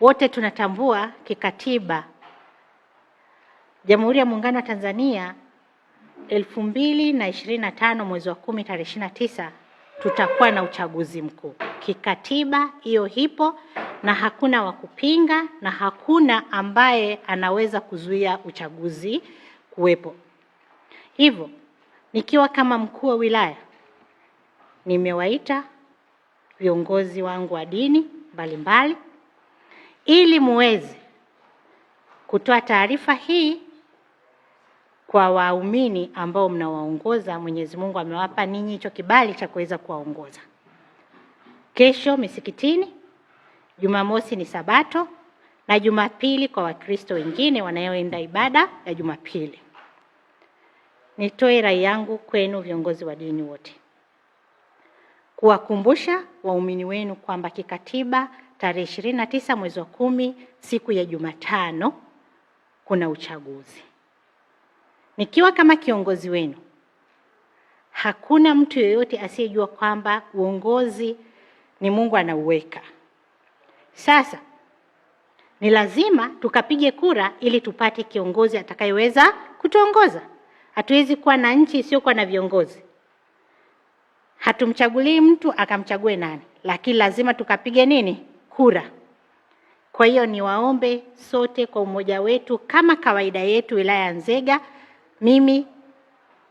Wote tunatambua kikatiba Jamhuri ya Muungano wa Tanzania elfu mbili na ishirini na tano mwezi wa kumi tarehe ishirini na tisa tutakuwa na uchaguzi mkuu. Kikatiba hiyo hipo na hakuna wa kupinga na hakuna ambaye anaweza kuzuia uchaguzi kuwepo. Hivyo nikiwa kama mkuu wa wilaya nimewaita viongozi wangu wa dini mbalimbali ili muweze kutoa taarifa hii kwa waumini ambao mnawaongoza. Mwenyezi Mungu amewapa ninyi hicho kibali cha kuweza kuwaongoza. Kesho misikitini, Jumamosi ni Sabato na Jumapili kwa Wakristo wengine wanayoenda ibada ya Jumapili. Nitoe rai yangu kwenu viongozi wa dini wote kuwakumbusha waumini wenu kwamba kikatiba tarehe ishirini na tisa mwezi wa kumi siku ya Jumatano kuna uchaguzi. Nikiwa kama kiongozi wenu, hakuna mtu yeyote asiyejua kwamba uongozi ni Mungu anauweka. Sasa ni lazima tukapige kura ili tupate kiongozi atakayeweza kutuongoza. Hatuwezi kuwa na nchi isiyokuwa na viongozi. Hatumchagulii mtu akamchague nani, lakini lazima tukapige nini? Kura. Kwa hiyo niwaombe sote kwa umoja wetu, kama kawaida yetu, wilaya ya Nzega, mimi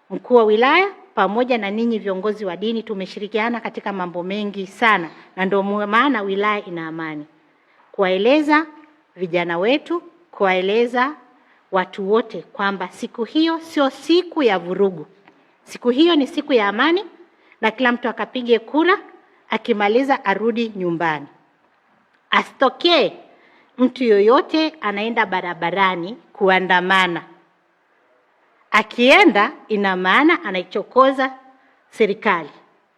mkuu wa wilaya pamoja na ninyi viongozi wa dini tumeshirikiana katika mambo mengi sana, na ndio maana wilaya ina amani, kuwaeleza vijana wetu, kuwaeleza watu wote kwamba siku hiyo sio siku ya vurugu, siku hiyo ni siku ya amani na kila mtu akapige kura, akimaliza arudi nyumbani. Asitokee mtu yoyote anaenda barabarani kuandamana. Akienda ina maana anaichokoza serikali,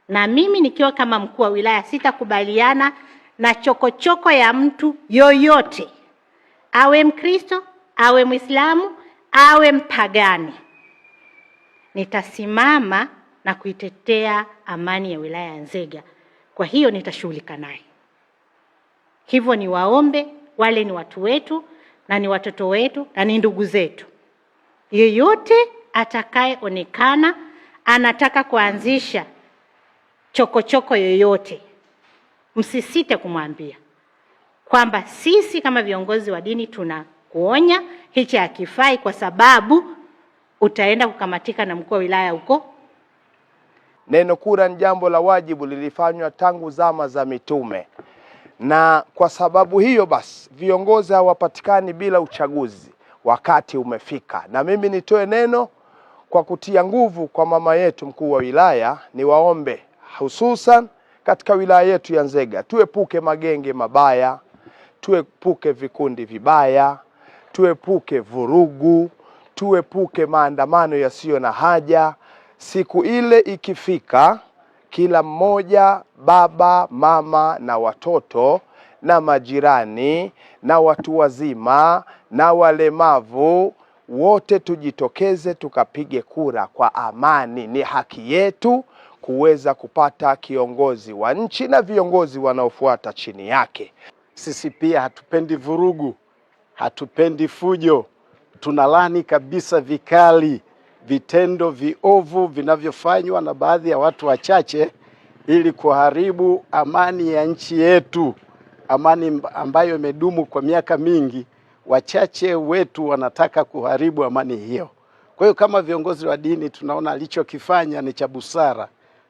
na mimi nikiwa kama mkuu wa wilaya sitakubaliana na chokochoko choko ya mtu yoyote, awe Mkristo, awe Mwislamu, awe mpagani. Nitasimama na kuitetea amani ya wilaya ya Nzega. Kwa hiyo nitashughulika naye. Hivyo ni waombe wale ni watu wetu na ni watoto wetu na ni ndugu zetu. Yeyote atakayeonekana anataka kuanzisha chokochoko yoyote, msisite kumwambia kwamba sisi kama viongozi wa dini tuna kuonya hichi hakifai, kwa sababu utaenda kukamatika na mkuu wa wilaya huko Neno kura ni jambo la wajibu, lilifanywa tangu zama za mitume, na kwa sababu hiyo basi viongozi hawapatikani bila uchaguzi. Wakati umefika, na mimi nitoe neno kwa kutia nguvu kwa mama yetu mkuu wa wilaya, niwaombe hususan katika wilaya yetu ya Nzega, tuepuke magenge mabaya, tuepuke vikundi vibaya, tuepuke vurugu, tuepuke maandamano yasiyo na haja, Siku ile ikifika, kila mmoja baba, mama na watoto na majirani na watu wazima na walemavu wote tujitokeze tukapige kura kwa amani. Ni haki yetu kuweza kupata kiongozi wa nchi na viongozi wanaofuata chini yake. Sisi pia hatupendi vurugu, hatupendi fujo, tunalani kabisa vikali vitendo viovu vinavyofanywa na baadhi ya watu wachache ili kuharibu amani ya nchi yetu, amani ambayo imedumu kwa miaka mingi. Wachache wetu wanataka kuharibu amani hiyo. Kwa hiyo kama viongozi wa dini tunaona alichokifanya ni cha busara.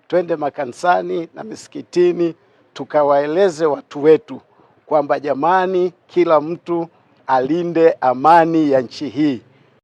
Twende makanisani na misikitini tukawaeleze watu wetu kwamba jamani, kila mtu alinde amani ya nchi hii.